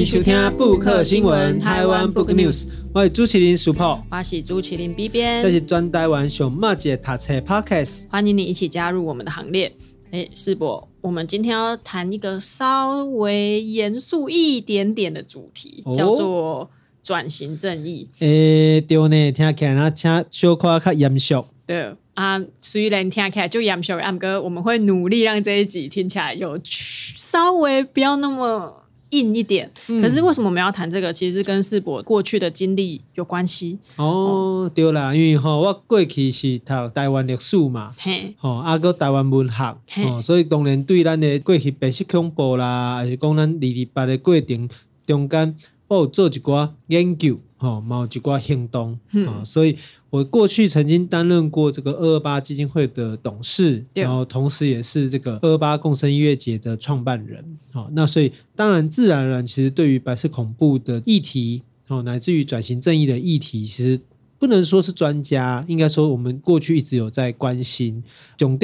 你收聽 Book 新聞，台灣 Book News，我是朱啟林 Super，我是朱啟林 B 邊，這是專台灣熊貓姐讀車 p o c a s t，歡迎你一起加入我們的行列。哎、欸，世博，我們今天要談一個稍微嚴肅一點點的主題，哦、叫做轉型正義。誒、欸，對內聽起來那聽來較，小誇克嚴肅。對啊，雖然聽起來就嚴肅，阿哥，我們會努力讓這一集聽起來有稍微不要那麼硬一點，可是為什麼我們要談這個？嗯、其實跟士博過去的經歷有關係。哦，哦，哦，對啦，因為吼我過去是讀台灣歷史嘛，吼啊個台灣文學嘿、哦，所以當然對咱的過去白色恐怖啦，還是講咱二二八的過程中間，我有做一寡研究。哦，貓雞瓜行動啊！哦嗯、所以我過去曾經擔任過這個二二八基金會的董事，對然後同時也是這個二二八共生音樂節的創辦人。哦，那所以當然，自然而然，其實對於白色恐怖的議題，哦，乃至於轉型正義的議題，其實不能說是專家，應該說我們過去一直有在關心。重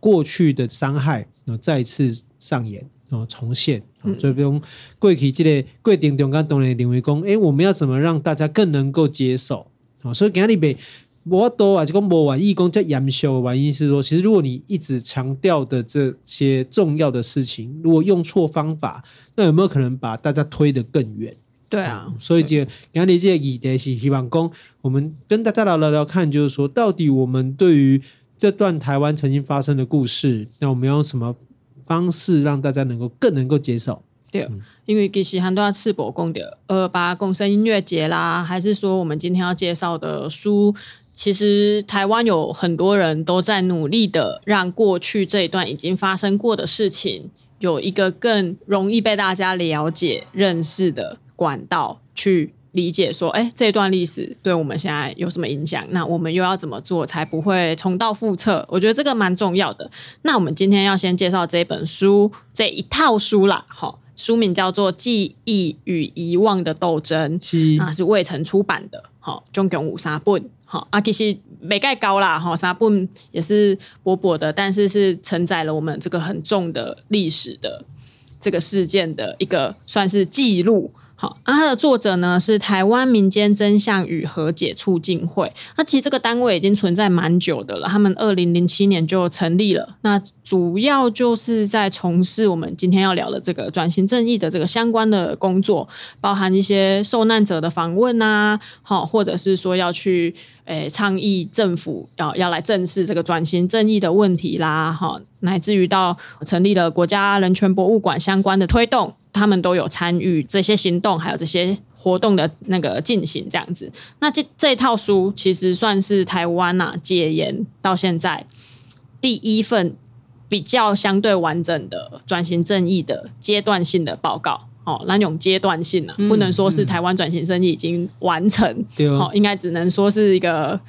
過去的傷害、呃、再次上演，呃、重現，呃嗯、所以過過，這個過程中間當然是認為說，誒，我們要怎麼讓大家更能夠接受？呃、所以，甘你，邊，我多啊，這個莫玩義工這麼嚴肅的，原因是說，其實如果你一直強調的這些重要的事情，如果用錯方法，那有沒有可能把大家推得更遠？對啊，呃、所以這個今天這些議題是希望說，我們跟大家聊聊聊看，就是說，到底我們對於。這段台灣曾經發生的故事，那我們用什麼方式讓大家能夠更能夠接受？對，因為其實很多次博公的二二八、呃、共生音樂節啦，還是說我們今天要介紹的書，其實台灣有很多人都在努力的讓過去這一段已經發生過的事情，有一個更容易被大家了解、認識的管道去。理解說，哎、欸，這段歷史對我們現在有什麼影響？那我們又要怎麼做才不會重蹈覆轍？我覺得這個蠻重要的。那我們今天要先介紹這本書這一套書啦，哈，書名叫做《記憶與遺忘的鬥爭》，是啊，是未曾出版的，哈，總共有三本，哈，啊，其實沒蓋高啦，哈，三本也是薄薄的，但是是承載了我們這個很重的歷史的這個事件的一個算是記錄。好，那它的作者呢，是台灣民間真相與和解促進會。那其實這個單位已經存在蠻久的了，他們二零零七年就成立了。那主要就是在從事我們今天要聊的這個轉型正義的這個相關的工作，包含一些受難者的訪問啊，好，或者是說要去誒、欸、倡議政府要要來正視這個轉型正義的問題啦，好，乃至於到成立了國家人權博物館相關的推動。他們都有參與這些行動，還有這些活動的那個進行，這樣子。那這這套書其實算是台灣啊，戒嚴到現在第一份比較相對完整的轉型正義的階段性的報告。哦，那種階段性呢，啊，嗯，不能說是台灣轉型正義已經完成，嗯，哦，應該只能說是一個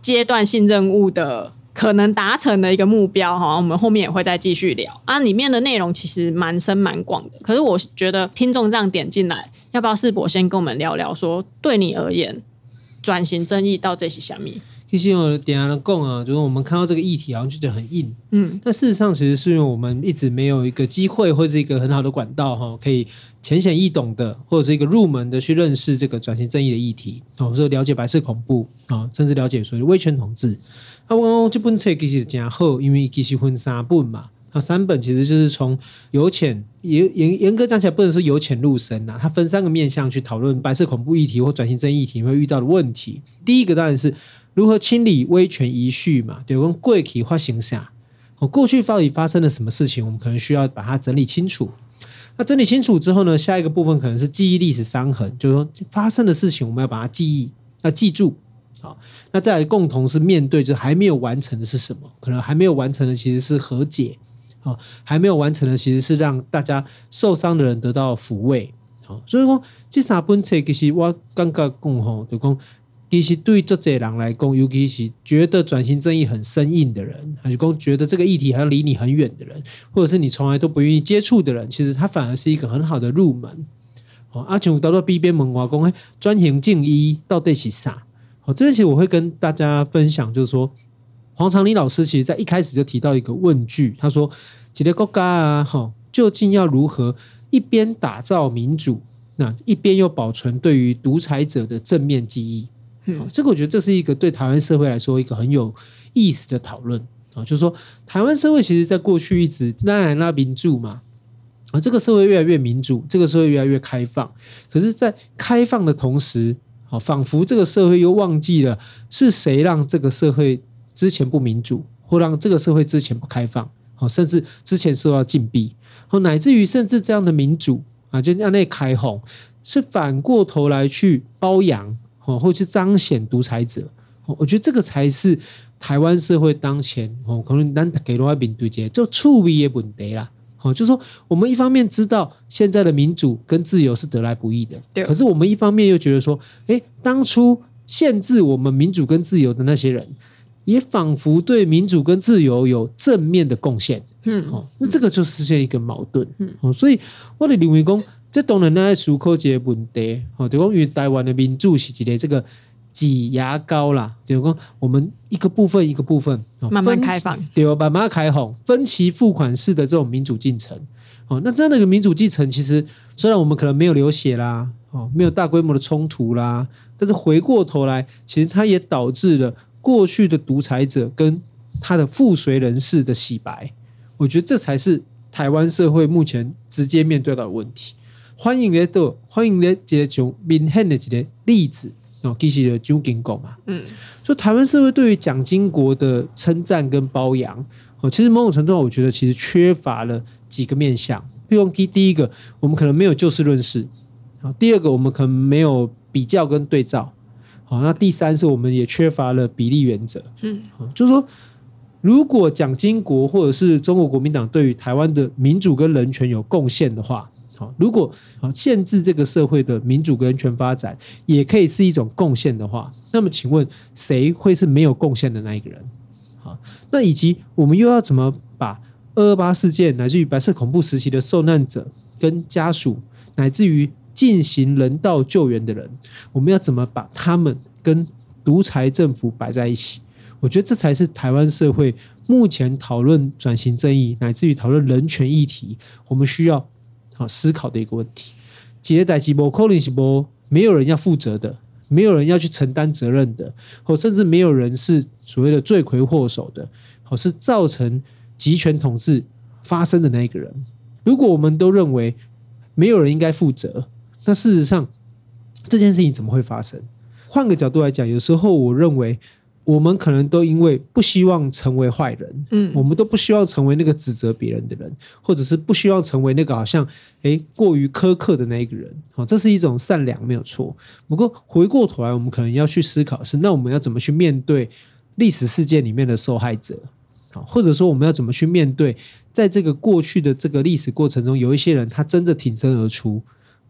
階段性任務的。可能達成的一個目標哈，好像我們後面也會再繼續聊啊。裡面的內容其實蠻深蠻廣的，可是我覺得聽眾這樣點進來，要不要士博先跟我們聊聊說？說對你而言，轉型正義到這些下面。一些點燃的貢啊，就是我們看到這個議題好像就覺得很硬，嗯，但事實上其實是因為我們一直沒有一個機會或者是一個很好的管道哈、哦，可以淺顯易懂的或者是一個入門的去認識這個轉型正義的議題，或者說了解白色恐怖啊、哦，甚至了解所謂威權統治。啊，我這本冊其實真好，因為其實分三本嘛，啊，三本其實就是從由淺嚴嚴嚴格講起來不能說由淺入深吶，它分三個面向去討論白色恐怖議題或轉型正義議題會遇到的問題。第一個當然是。如何清理威權遺緒嘛？對，用跪體化形象。我過去到底發生了什麼事情？我們可能需要把它整理清楚。那整理清楚之後呢？下一個部分可能是記憶歷史傷痕，就是說發生的事情，我們要把它記憶，要記住。好，那再來共同是面對，就還沒有完成的是什麼？可能還沒有完成的其實是和解啊，還沒有完成的其實是讓大家受傷的人得到撫慰。好，所以說這三本冊其實我剛剛講好，就其實對這這些人來講，尤其是覺得轉型正義很生硬的人，還是講覺得這個議題還離你很遠的人，或者是你從來都不願意接觸的人，其實他反而是一個很好的入門。哦，阿、啊、炯，到到 B 編門華工，轉型正義到底是啥？哦，這節我會跟大家分享，就是說黃長玲老師其實在一開始就提到一個問句，他說：這個國家啊，好、哦，究竟要如何一邊打造民主，那一邊又保存對於獨裁者的正面記憶？嗯、這個我覺得這是一個對台灣社會來說一個很有意思的討論啊，就是說台灣社會其實在過去一直當然啦，民主嘛，啊這個社會越來越民主，這個社會越來越開放，可是，在開放的同時，啊仿佛這個社會又忘記了是誰讓這個社會之前不民主，或讓這個社會之前不開放，啊甚至之前受到禁閉，或、啊、乃至於甚至這樣的民主啊，就讓那開放是反過頭來去褒揚。哦，或是彰顯獨裁者，哦，我覺得這個才是台灣社會當前哦，可能咱給另外邊對接就處於也不得啦。哦，就是說我們一方面知道現在的民主跟自由是得來不易的，對，可是我們一方面又覺得說，誒、欸，當初限制我們民主跟自由的那些人，也仿佛對民主跟自由有正面的貢獻，嗯，哦、喔，那這個就實現一個矛盾，嗯，哦、喔，所以我的認為公。這當然，那些科口級問題，好、哦，就講、是、與台灣的民主是一個這個擠牙膏啦，就是講我們一個部分一個部分、哦、慢慢開放，分對吧？慢慢開放，分期付款式的這種民主進程，哦，那這樣的一個民主進程，其實雖然我們可能沒有流血啦，哦，沒有大規模的衝突啦，但是回過頭來，其實它也導致了過去的獨裁者跟他的附隨人士的洗白。我覺得這才是台灣社會目前直接面對到的問題。歡迎來多，歡迎來接上明顯的幾個例子，哦，其實蔣經國嘛，嗯，所以台灣社會對於蔣經國的稱讚跟褒揚，哦，其實某種程度上，我覺得其實缺乏了幾個面向。比如說，第一個，我們可能沒有就事論事；啊、哦，第二個，我們可能沒有比較跟對照；好、哦，那第三是，我們也缺乏了比例原則。嗯、哦，就是說，如果蔣經國或者是中國國民黨對於台灣的民主跟人權有貢獻的話。好，如果啊限制這個社會的民主跟人權發展，也可以是一種貢獻的話，那麼請問誰會是沒有貢獻的那一個人？好，那以及我們又要怎麼把二二八事件乃至於白色恐怖時期的受難者跟家屬，乃至於進行人道救援的人，我們要怎麼把他們跟獨裁政府擺在一起？我覺得這才是台灣社會目前討論轉型正義，乃至於討論人權議題，我們需要。啊、哦，思考的一個問題，劫歹幾波，扣零幾波，沒有人要負責的，沒有人要去承擔責任的，或、哦、甚至沒有人是所謂的罪魁禍首的，或、哦、是造成極權統治發生的那一個人。如果我們都認為沒有人應該負責，那事實上這件事情怎麼會發生？換個角度來講，有時候我認為。我們可能都因為不希望成為壞人，嗯，我們都不希望成為那個指責別人的人，或者是不希望成為那個好像誒過於苛刻的那一個人。好，這是一種善良，沒有錯。不過回過頭來，我們可能要去思考是：那我們要怎麼去面對歷史事件裡面的受害者？啊，或者說我們要怎麼去面對在這個過去的這個歷史過程中，有一些人他真的挺身而出，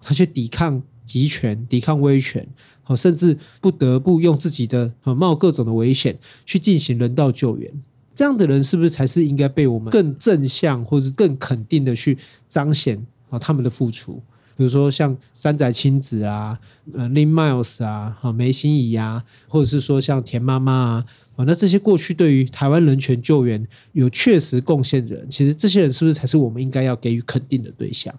他去抵抗。集權、抵抗威權，好，甚至不得不用自己的，冒各種的危險去進行人道救援，這樣的人是不是才是應該被我們更正向或者更肯定的去彰顯啊他們的付出？比如說像三宅清子啊、呃 Lynn Miles 啊、梅心怡啊，或者是說像田媽媽啊，啊，那這些過去對於台灣人權救援有確實貢獻的人，其實這些人是不是才是我們應該要給予肯定的對象？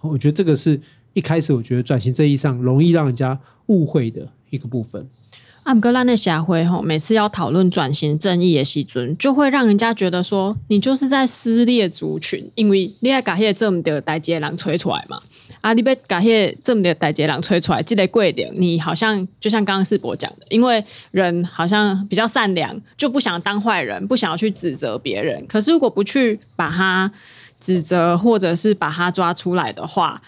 我覺得這個是。一開始我覺得轉型正義上容易讓人家誤會的一個部分，阿姆哥拉那下會吼，每次要討論轉型正義的時陣，就會讓人家覺得說你就是在撕裂族群，因為你愛搞些這麼的台階浪吹出來嘛，啊，你被搞些這麼的台階浪吹出來，這得貴一點，你好像就像剛剛士博講的，因為人好像比較善良，就不想當壞人，不想要去指責別人，可是如果不去把他指責，或者是把他抓出來的話。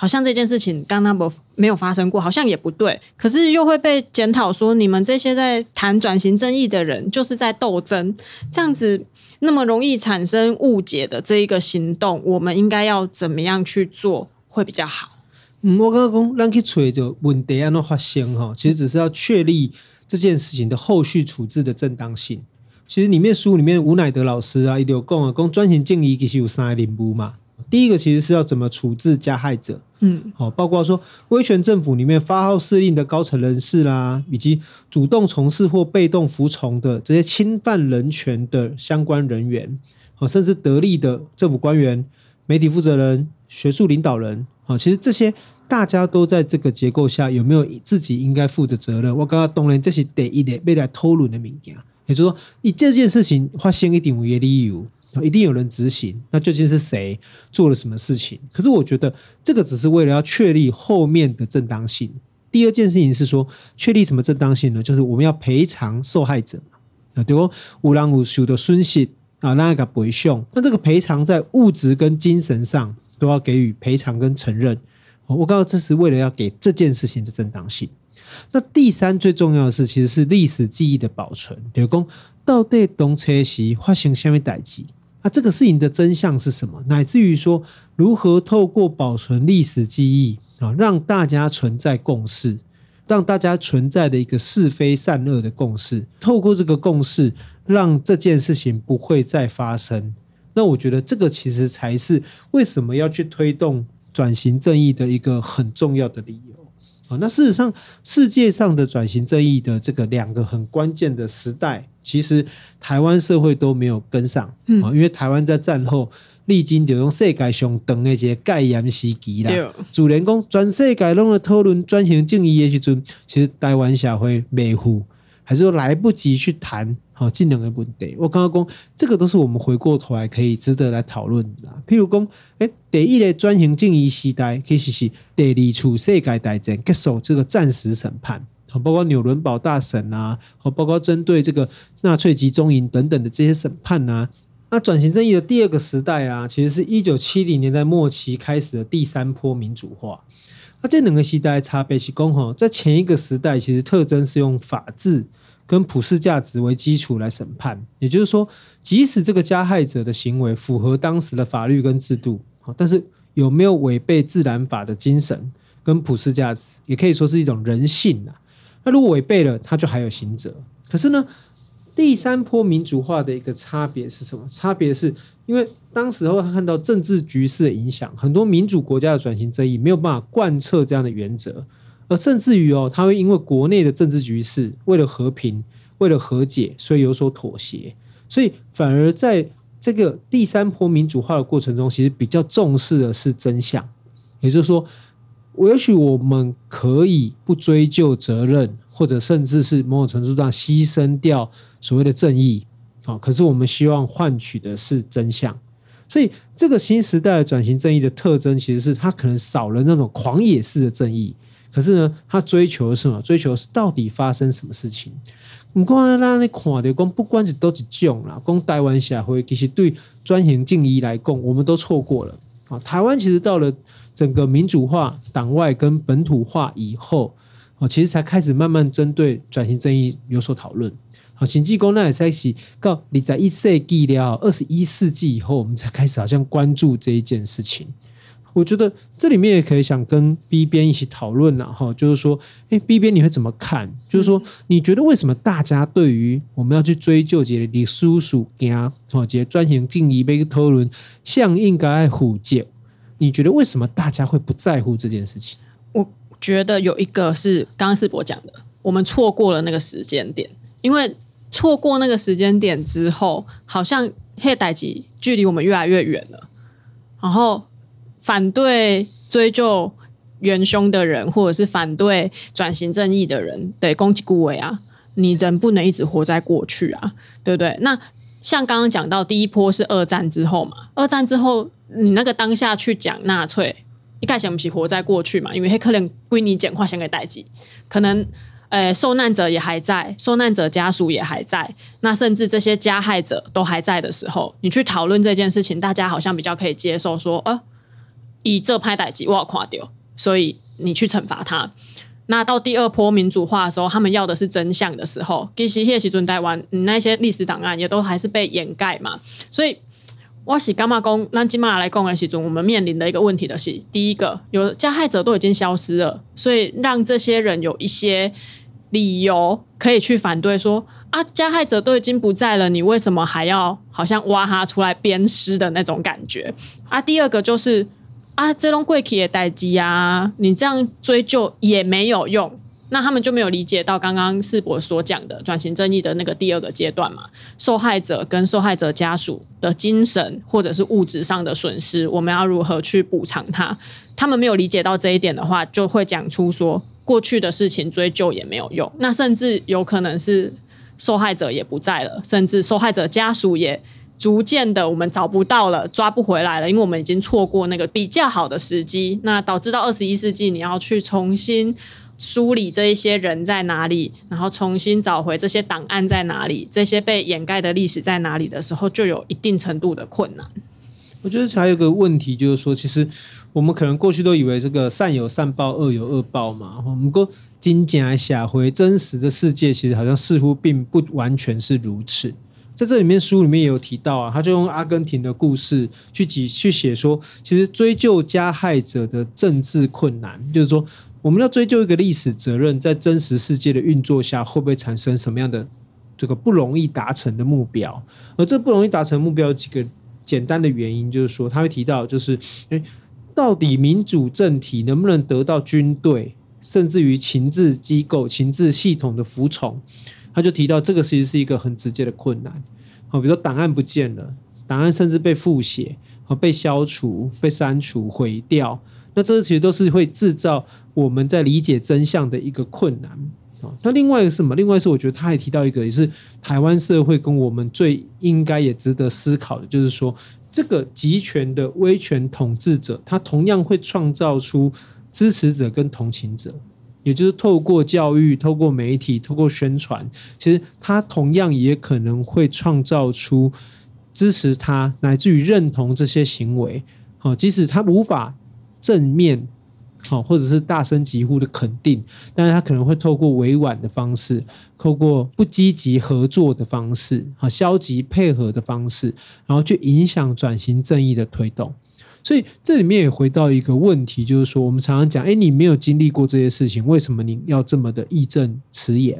好像這件事情剛剛沒有發生過，好像也不對，可是又會被檢討說，你們這些在談轉型正義的人就是在鬥爭。這樣子那麼容易產生誤解的這一個行動，我們應該要怎麼樣去做會比較好？嗯，我剛剛說咱去揣問題按怎發生哈，其實只是要確立這件事情的後續處置的正當性。其實裡面書裡面吳乃德老師啊，伊就講啊，講轉型正義其實有三類步嘛，第一個其實是要怎麼處置加害者。嗯，好，包括說威權政府裡面發號施令的高層人士啦，以及主動從事或被動服從的這些侵犯人權的相關人員，好，甚至得力的政府官員、媒體負責人、學術領導人，好，其實這些大家都在這個結構下有沒有自己應該負的責任？我覺得當然這是第一個要來討論的東西啊，也就是說，以這件事情發現一定有他的理由。一定有人執行，那究竟是誰做了什麼事情？可是我覺得這個只是為了要確立後面的正當性。第二件事情是說，確立什麼正當性呢？就是我們要賠償受害者嘛。啊，對公有人有受到損失啊，那要給他賠償。那這個賠償在物質跟精神上都要給予賠償跟承認。我告訴這是為了要給這件事情的正當性。那第三最重要的事其實是歷史記憶的保存。比如講，到底當時是發生什麼代誌？那，啊，這個事情的真相是什麼？乃至於說如何透過保存歷史記憶啊，讓大家存在共識，讓大家存在的一個是非善惡的共識，透過這個共識，讓這件事情不會再發生。那我覺得這個其實才是為什麼要去推動轉型正義的一個很重要的理由啊。那事實上，世界上的轉型正義的這個兩個很關鍵的時代。其實台灣社會都沒有跟上，啊、嗯，因為台灣在戰後歷經就是世界上最長的一個戒嚴時期啦，主人公全世界弄了討論轉型正義的時候，其實台灣社會沒有還是說來不及去談好這兩個問題。我剛剛講這個都是我們回過頭來可以值得來討論的，譬如說哎、欸，第一個轉型正義時代，其實是第二次世界大戰，接受這個戰時審判。包括堡大啊，包括紐倫堡大審啊，和包括針對這個納粹集中營等等的這些審判啊。那轉型正義的第二個時代啊，其實是一九七零年代末期開始的第三波民主化。那這兩個時代差別是，其共同在前一個時代其實特徵是用法治跟普世價值為基礎來審判，也就是說，即使這個加害者的行為符合當時的法律跟制度，但是有沒有違背自然法的精神跟普世價值，也可以說是一種人性啊。他如果違背了，他就還有刑責。可是呢，第三波民主化的一個差別是什麼？差別是因為當時候他看到政治局勢的影響，很多民主國家的轉型正義沒有辦法貫徹這樣的原則，而甚至於哦，他會因為國內的政治局勢，為了和平，為了和解，所以有所妥協，所以反而在這個第三波民主化的過程中，其實比較重視的是真相，也就是說。也許我們可以不追究責任，或者甚至是某種程度上犧牲掉所謂的正義，啊、哦，可是我們希望換取的是真相。所以，這個新時代轉型正義的特徵，其實是它可能少了那種狂野式的正義，可是呢，它追求的是什麼？追求的是到底發生什麼事情？光管那你看的，講不管是都是舊了，光台灣社會其實對轉型正義來講我們都錯過了啊、哦。台灣其實到了。整個民主化、黨外跟本土化以後，哦，其實才開始慢慢針對轉型正義有所討論。好，秦繼功那也是告你二十一世紀了，二十一世紀以後，我們才開始好像關注這一件事情。我覺得這裡面也可以想跟 B 編一起討論了、啊、哈，就是說，哎、欸、，B 編你會怎麼看？嗯、就是說，你覺得為什麼大家對於我們要去追究解李叔叔呀，哦，解轉型正義要去討論，相應的戶籍？你覺得為什麼大家會不在乎這件事情？我覺得有一個是剛剛士博講的，我們錯過了那個時間點，因為錯過那個時間點之後，好像黑代級距離我們越來越遠了。然後反對追究元兇的人，或者是反對轉型正義的人，得攻擊顧偉啊，你人不能一直活在過去啊，對不對？那，像剛剛講到第一波是二戰之後嘛，二戰之後你那個當下去講納粹，一開始我們是活在過去嘛，因為黑克林歸你講化，先給代誌，可能呃受難者也還在，受難者家屬也還在，那甚至這些加害者都還在的時候，你去討論這件事情，大家好像比較可以接受說，呃，以這拍代誌我看著，所以你去懲罰他。那到第二波民主化的時候，他們要的是真相的時候，其實那時候臺灣，那些歷史檔案也都還是被掩蓋嘛。所以挖起幹嘛工，讓吉瑪來公我們面臨的一個問題的，就是，第一個有加害者都已經消失了，所以讓這些人有一些理由可以去反對說啊，加害者都已經不在了，你為什麼還要好像挖他出來鞭屍的那種感覺啊？第二個就是。啊，這都過去的事啊，你這樣追究也沒有用，那他們就沒有理解到剛剛士博所講的轉型正義的那個第二個階段嘛，受害者跟受害者家屬的精神或者是物質上的損失，我們要如何去補償他？他們沒有理解到這一點的話，就會講出說，過去的事情追究也沒有用。那甚至有可能是受害者也不在了，甚至受害者家屬也，逐漸的，我們找不到了，抓不回來了，因為我們已經錯過那個比較好的時機。那導致到二十一世紀，你要去重新梳理這一些人在哪裡，然後重新找回這些檔案在哪裡，這些被掩蓋的歷史在哪裡的時候，就有一定程度的困難。我覺得還有個問題就是說，其實我們可能過去都以為這個善有善報，惡有惡報嘛。我們過精簡一下回真實的世界，其實好像似乎並不完全是如此。在這裡面，書裡面也有提到啊，他就用阿根廷的故事去記去寫，說其實追究加害者的政治困難，就是說我們要追究一個歷史責任，在真實世界的運作下，會不會產生什麼樣的這個不容易達成的目標？而這不容易達成目標有幾個簡單的原因，就是說他會提到，就是哎、欸，到底民主政體能不能得到軍隊，甚至於情治機構、情治系統的服從？他就提到，這個其實是一個很直接的困難，好，比如說檔案不見了，檔案甚至被複寫、被消除、被刪除、毀掉，那這其實都是會制造我們在理解真相的一個困難。那另外一個是什麼？另外是我覺得他還提到一個，也是台灣社會跟我們最應該也值得思考的，就是說，這個集權的威權統治者，他同樣會創造出支持者跟同情者。也就是透過教育、透過媒體、透過宣傳，其實他同樣也可能會創造出支持他、乃至於認同這些行為。即使他無法正面或者是大聲疾呼的肯定，但是他可能會透過委婉的方式、透過不積極合作的方式、消極配合的方式，然後去影響轉型正義的推動。所以這裡面也回到一個問題，就是說，我們常常講，哎，你沒有經歷過這些事情，為什麼你要這麼的義正辭嚴？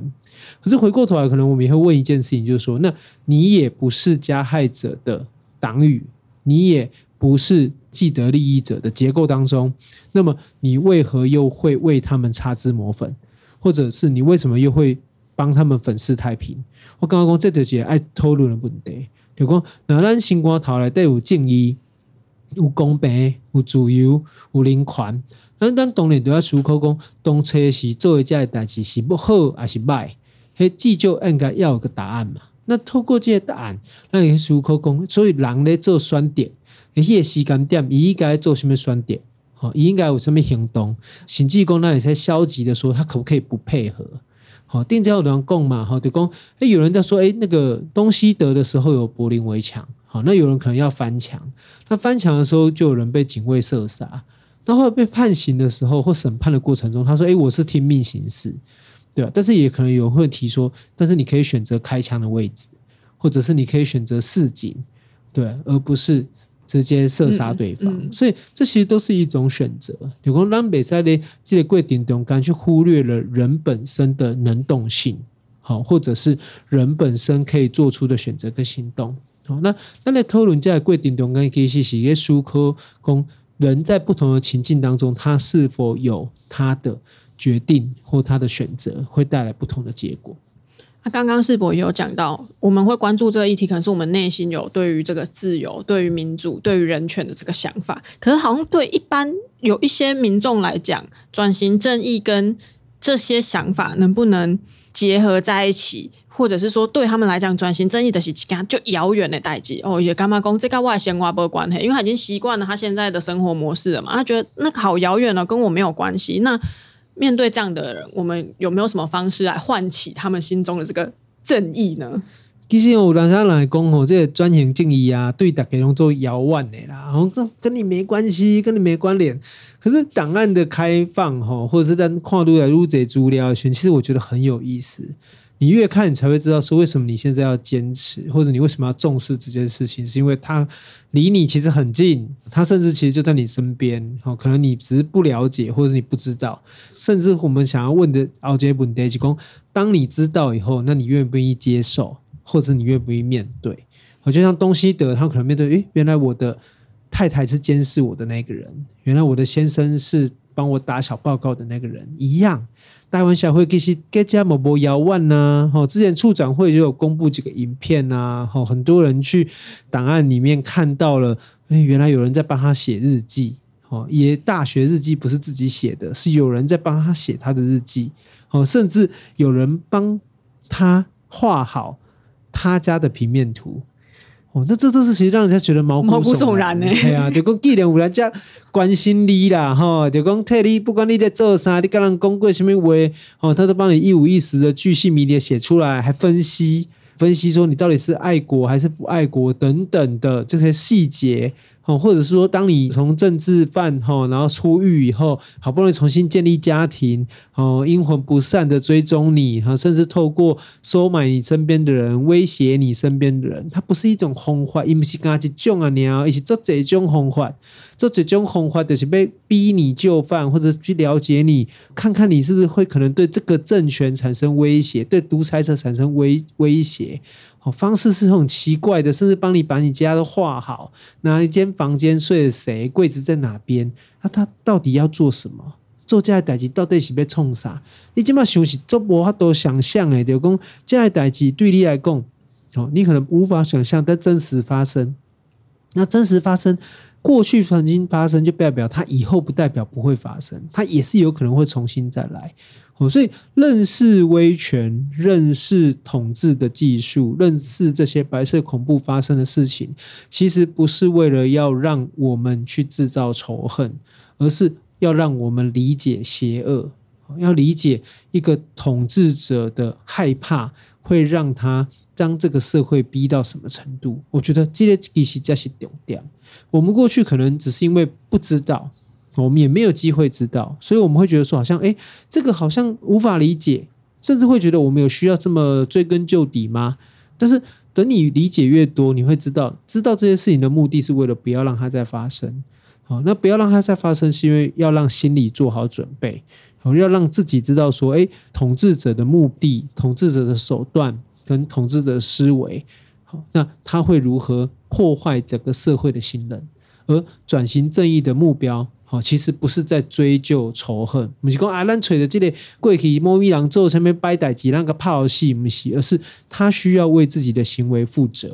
可是回過頭來，可能我們也會問一件事情，就是說，那你也不是加害者的黨羽，你也不是既得利益者的結構當中，那麼你為何又會為他們擦脂抹粉，或者是你為什麼又會幫他們粉飾太平？我剛剛講，這就是要討論的問題，就講，哪咱新光逃來對我敬一。」有公平，有自由，有人權。那咱當然都要思考講，當初是做一只代志是不好還是歹？嘿，至少應該要有個答案嘛。那透過這個答案，那也思考講，所以人咧做選擇，伊、那個時間點應該做什麼選擇？好、哦，應該有什麼行動？甚至講那也是消極的說，他可不可以不配合？好、哦，頂擺有人講嘛，好、就是，就講哎，有人在說，誒、欸，那個東西德的時候有柏林圍牆。好，那有人可能要翻牆，他翻牆的時候就有人被警衛射殺，那後來被判刑的時候或審判的過程中，他說：“哎，我是聽命行事，對吧？”但是也可能有人會提說：“但是你可以選擇開槍的位置，或者是你可以選擇示警，對啊，而不是直接射殺對方。”嗯，嗯，所以這其實都是一種選擇。就是說我們不能在這個過程中間去忽略了人本身的能動性，好，或者是人本身可以做出的選擇跟行動。哦，那個、討論那在討論在過程中間，其實是思考說人在不同的情境當中，他是否有他的決定或他的選擇，會帶來不同的結果。那剛剛士博有講到，我們會關注這個議題，可能是我們內心有對於這個自由、對於民主、對於人權的這個想法。可是好像對一般有一些民眾來講，轉型正義跟這些想法能不能結合在一起，或者是說對他們來講轉型，轉型正義的事情就遙遠的代誌哦？也干媽公這個外線挖不關黑，因為他已經習慣了他現在的生活模式了嘛，他覺得那個好遙遠了、哦，跟我沒有關係。那面對這樣的人，我們有沒有什麼方式來喚起他們心中的這個正義呢？其實我常常來講吼，這個轉型正義啊，對大家都做遙遠的啦，然後這跟你沒關係，跟你沒關聯。可是檔案的開放吼，或者是在跨度的入這資料，其實我覺得很有意思。你越看，你才會知道說為什麼你現在要堅持，或者你為什麼要重視這件事情，是因為他離你其實很近，他甚至其實就在你身邊。哦，可能你只是不了解，或者你不知道，甚至我們想要問的奧杰本德吉，當你知道以後，那你願不願意接受？或者你願不願意面對，哦，就像東西德，他可能面對，誒，原來我的太太是監視我的那個人，原來我的先生是幫我打小報告的那個人一樣。臺灣社會給些，給家某某要問吶，哦，之前促轉會就有公布幾個影片吶，哦，很多人去檔案裡面看到了，誒，原來有人在幫他寫日記，哦，也大學日記不是自己寫的，是有人在幫他寫他的日記，哦，甚至有人幫他畫好。他家的平面圖哦，那這都是其實讓人家覺得毛骨毛骨悚然呢。哎呀，就講竟然有人家關心你啦，哈、 哦，就講特，你不管你在做啥，你跟人講過什麼話哦，他都幫你一五一十的巨細靡遺寫出來，還分析分析說你到底是愛國還是不愛國等等的這些細節。或者是說，當你從政治犯吼，然後出獄以後，好不容易重新建立家庭，哦，陰魂不散的追蹤你，哈，甚至透過收買你身邊的人，威脅你身邊的人，它不是一種方法，因為是跟他去講啊，你要一起做這種方法。做這種恐嚇，就是被逼你就範，或者去了解你，看看你是不是會可能對這個政權產生威脅，對獨裁者產生威威脅。哦，方式是很奇怪的，甚至幫你把你家都畫好，哪一間房間睡了誰，櫃子在哪邊？那、啊、他到底要做什麼？做這樣的代志到底是被創啥？你今麼想是都無法想象誒，就講這些代志對你來講，哦，你可能無法想象，但真實發生。那真實發生。過去曾經發生，就代表它以後不代表不會發生，它也是有可能會重新再來。所以認識威權、認識統治的技術、認識這些白色恐怖發生的事情，其實不是為了要讓我們去制造仇恨，而是要讓我們理解邪惡，要理解一個統治者的害怕。會讓他將這個社會逼到什麼程度？我覺得這些東西在些丟掉。我們過去可能只是因為不知道，我們也沒有機會知道，所以我們會覺得說，好像哎，這個好像無法理解，甚至會覺得我們有需要這麼追根究底嗎？但是等你理解越多，你會知道，知道這些事情的目的是為了不要讓它再發生。好，那不要讓它再發生，是因為要讓心裡做好準備。我們要讓自己知道說，哎，統治者的目的、統治者的手段跟統治者的思維，好，那他會如何破壞整個社會的信任？而轉型正義的目標，好，其實不是在追究仇恨，不說啊、我們是講阿蘭吹的這類貴氣貓咪狼咒上面擺歹幾啷個泡戲，不是，而是他需要為自己的行為負責。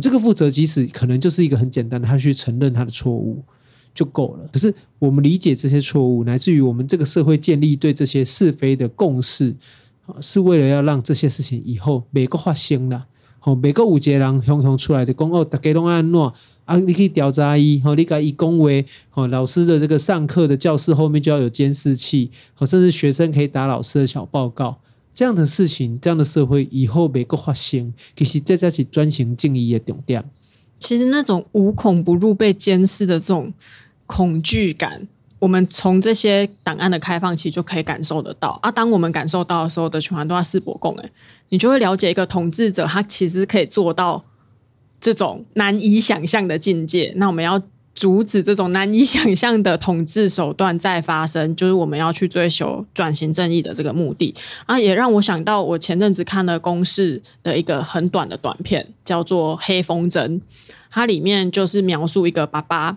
這個負責，即使可能就是一個很簡單的，他去承認他的錯誤。就夠了。可是我們理解這些錯誤，乃至於我們這個社會建立對這些是非的共識，哦、是為了要讓這些事情以後別個發生啦。好、哦，別個有一個人洶洶出來的講哦，大家攏按諾啊，你可以調查伊，好、哦，你改伊講話，好、哦，老師的這個上課的教室後面就要有監視器，好、哦，甚至學生可以打老師的小報告，這樣的事情，這樣的社會以後別個發生，其實這才是轉型正義的重點。其實那種無孔不入被監視的這種。恐懼感，我們從這些檔案的開放期，就可以感受得到。啊，當我們感受到的時候，的全環都要世博共哎，你就會了解一個統治者，他其實可以做到這種難以想象的境界。那我們要阻止這種難以想象的統治手段再發生，就是我們要去追求轉型正義的這個目的。啊，也讓我想到我前陣子看了公視的一個很短的短片，叫做《黑風箏》，它裡面就是描述一個爸爸。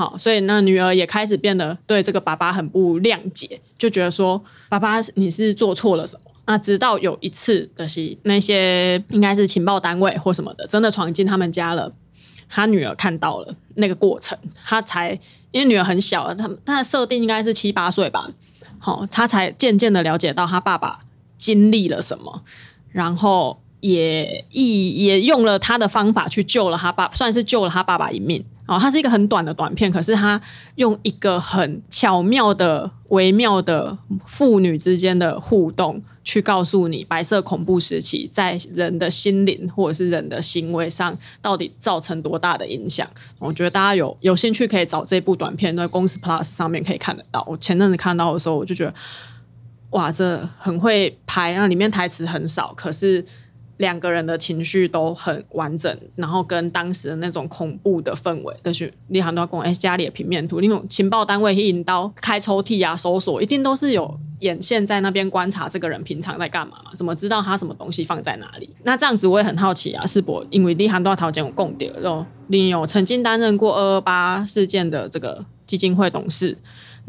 好，所以那女兒也開始變得對這個爸爸很不諒解，就覺得說，爸爸你是做錯了什麼？那直到有一次的是那些應該是情報單位或什麼的，真的闖進他們家了，他女兒看到了那個過程，他才，因為女兒很小，他他的設定應該是七八歲吧，好，他才漸漸的了解到他爸爸經歷了什麼，然後。也也用了他的方法去救了他爸，算是救了他爸爸一命。哦，它是一個很短的短片，可是他用一個很巧妙的、微妙的父女之間的互動，去告訴你白色恐怖時期在人的心靈或者是人的行為上到底造成多大的影響。我覺得大家有有興趣可以找這部短片，在公司 Plus 上面可以看得到。我前陣子看到的時候，我就覺得哇，這很會拍。那裡面台詞很少，可是。兩個人的情緒都很完整，然後跟當時的那種恐怖的氛圍但、就是李行多要供，哎，家裡的平面圖，那種情報單位去引導，一刀開抽屜啊，搜索一定都是有眼線在那邊觀察這個人平常在幹嘛嘛？怎麼知道他什麼東西放在哪裡？那這樣子我也很好奇啊，士博，因為李行多陶簡有共諜嘍，你有曾經擔任過二二八事件的這個基金會董事。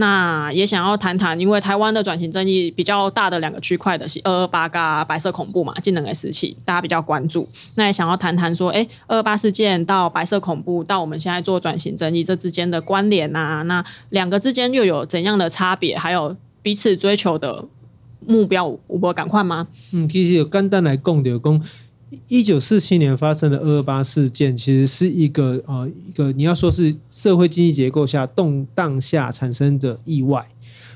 那也想要談談，因為台灣的轉型正義比較大的兩個區塊的是二二八跟白色恐怖嘛，近兩個時期大家比較關注。那也想要談談說，哎、欸，二二八事件到白色恐怖到我們現在做轉型正義這之間的關聯啊，那兩個之間又有怎樣的差別，還有彼此追求的目標有沒有一樣嗎？嗯，其實有簡單來講，就講。一九四七年發生的二二八事件，其實是一個呃一個你要說是社會經濟結構下動蕩下產生的意外。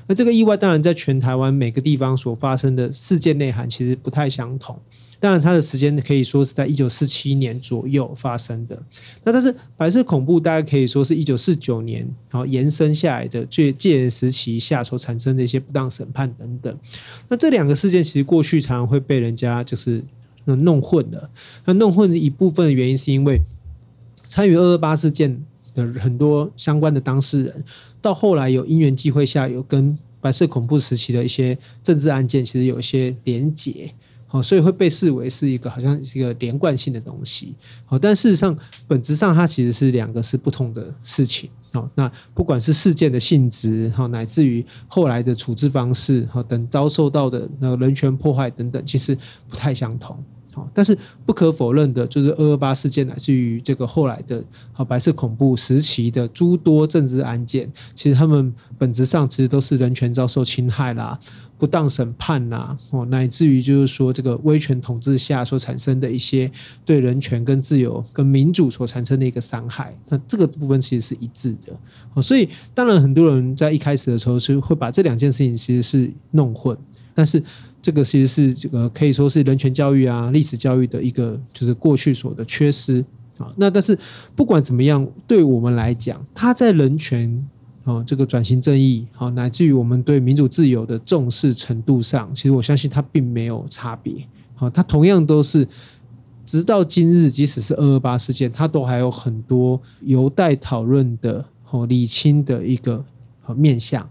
那這個意外當然在全台灣每個地方所發生的事件內涵其實不太相同。當然，它的時間可以說是在一九四七年左右發生的。那但是白色恐怖大概可以說是一九四九年然後延伸下來的就戒嚴時期下所產生的一些不當審判等等。那這兩個事件其實過去常常會被人家就是。那弄混了，那弄混的一部分的原因是因為參與二二八事件的很多相關的當事人，到後來有因緣際會下有跟白色恐怖時期的一些政治案件，其實有一些連結，哦，所以會被視為是一個好像是一個連貫性的東西，好，但事實上本質上它其實是兩個是不同的事情，哦，那不管是事件的性質，哈，乃至於後來的處置方式，哈，等遭受到的那個人權破壞等等，其實不太相同。但是不可否認的就是二二八事件，乃至於這個後來的白色恐怖時期的諸多政治案件，其實他們本質上其實都是人權遭受侵害啦、不當審判啦，哦，乃至於就是說這個威權統治下所產生的一些對人權跟自由跟民主所產生的一個傷害。那這個部分其實是一致的。哦，所以當然很多人在一開始的時候是會把這兩件事情其實是弄混，但是。這個其實是這個可以說是人權教育啊、歷史教育的一個就是過去所的缺失啊。那但是不管怎麼樣，對我們來講，它在人權啊、這個轉型正義啊，乃至於我們對民主自由的重視程度上，其實我相信它並沒有差別啊。它同樣都是直到今日，即使是二二八事件，它都還有很多有待討論的、和理清的一個和面向。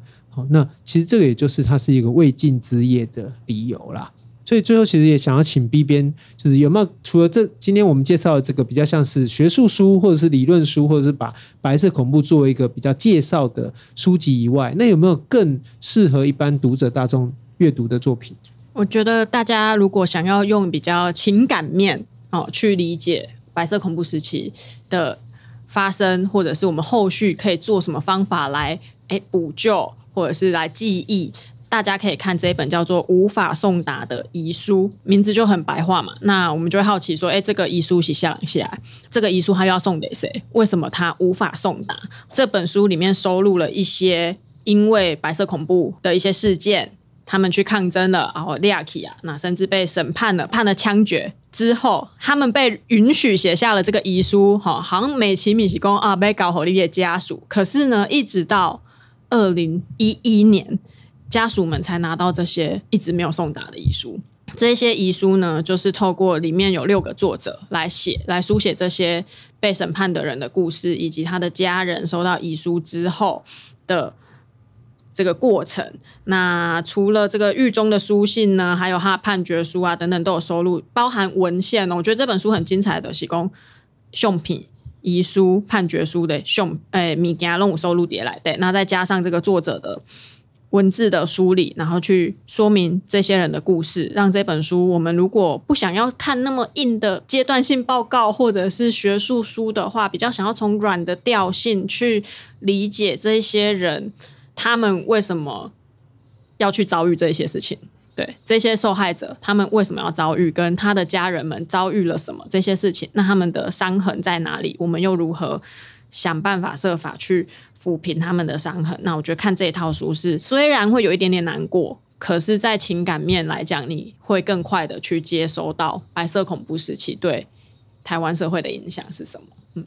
那其實這個也就是它是一個未盡之業的理由啦。所以最後其實也想要請 B 編，就是有沒有除了這今天我們介紹的這個比較像是學術書或者是理論書，或者是把白色恐怖作為一個比較介紹的書籍以外，那有沒有更適合一般讀者大眾閱讀的作品？我覺得大家如果想要用比較情感面哦去理解白色恐怖時期的發生，或者是我們後續可以做什麼方法來、哎、補救。或者是來記憶，大家可以看這一本叫做《無法送達的遺書》，名字就很白話嘛。那我們就會好奇說，哎、欸，這個遺書寫下來，這個遺書他又要送給誰？為什麼他無法送達？這本書裡面收錄了一些因為白色恐怖的一些事件，他們去抗爭了，然後利亞呀，那甚至被審判了，判了槍決之後，他們被允許寫下了這個遺書，哈、哦，好像美其名其功啊，被搞活了一些家屬。可是呢，一直到。二零一一年，家屬們才拿到這些一直沒有送達的遺書。這些遺書呢，就是透過裡面有六個作者來寫，來書寫這些被審判的人的故事，以及他的家人收到遺書之後的這個過程。那除了這個獄中的書信呢，還有他的判決書啊等等都有收錄，包含文獻哦。我覺得這本書很精彩的，喜、就、光、是，作品。遺書、判決書的秀，哎，米加我收錄碟來對，那再加上這個作者的文字的梳理，然後去說明這些人的故事，讓這本書，我們如果不想要看那麼硬的階段性報告或者是學術書的話，比較想要從軟的調性去理解這些人，他們為什麼要去遭遇這些事情。對這些受害者，他們為什麼要遭遇？跟他的家人們遭遇了什麼這些事情？那他們的傷痕在哪裡？我們又如何想辦法設法去撫平他們的傷痕？那我覺得看這一套書是雖然會有一點點難過，可是，在情感面來講，你會更快地去接收到白色恐怖時期對台灣社會的影響是什麼。嗯，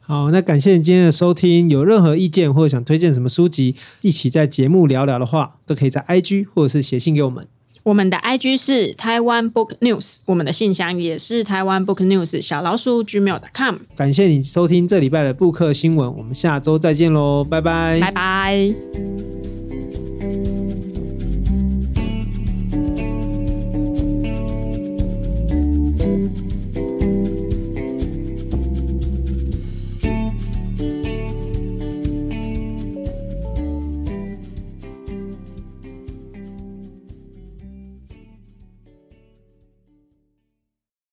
好，那感謝你今天的收聽。有任何意見或者想推薦什麼書籍，一起在節目聊聊的話，都可以在 IG 或者是寫信給我們。我們的 IG 是台灣 Book News，我們的信箱也是台灣 Book News 小老鼠 Gmail.com。感謝你收聽這禮拜的布克新聞，我們下周再見嘍，拜拜，拜拜。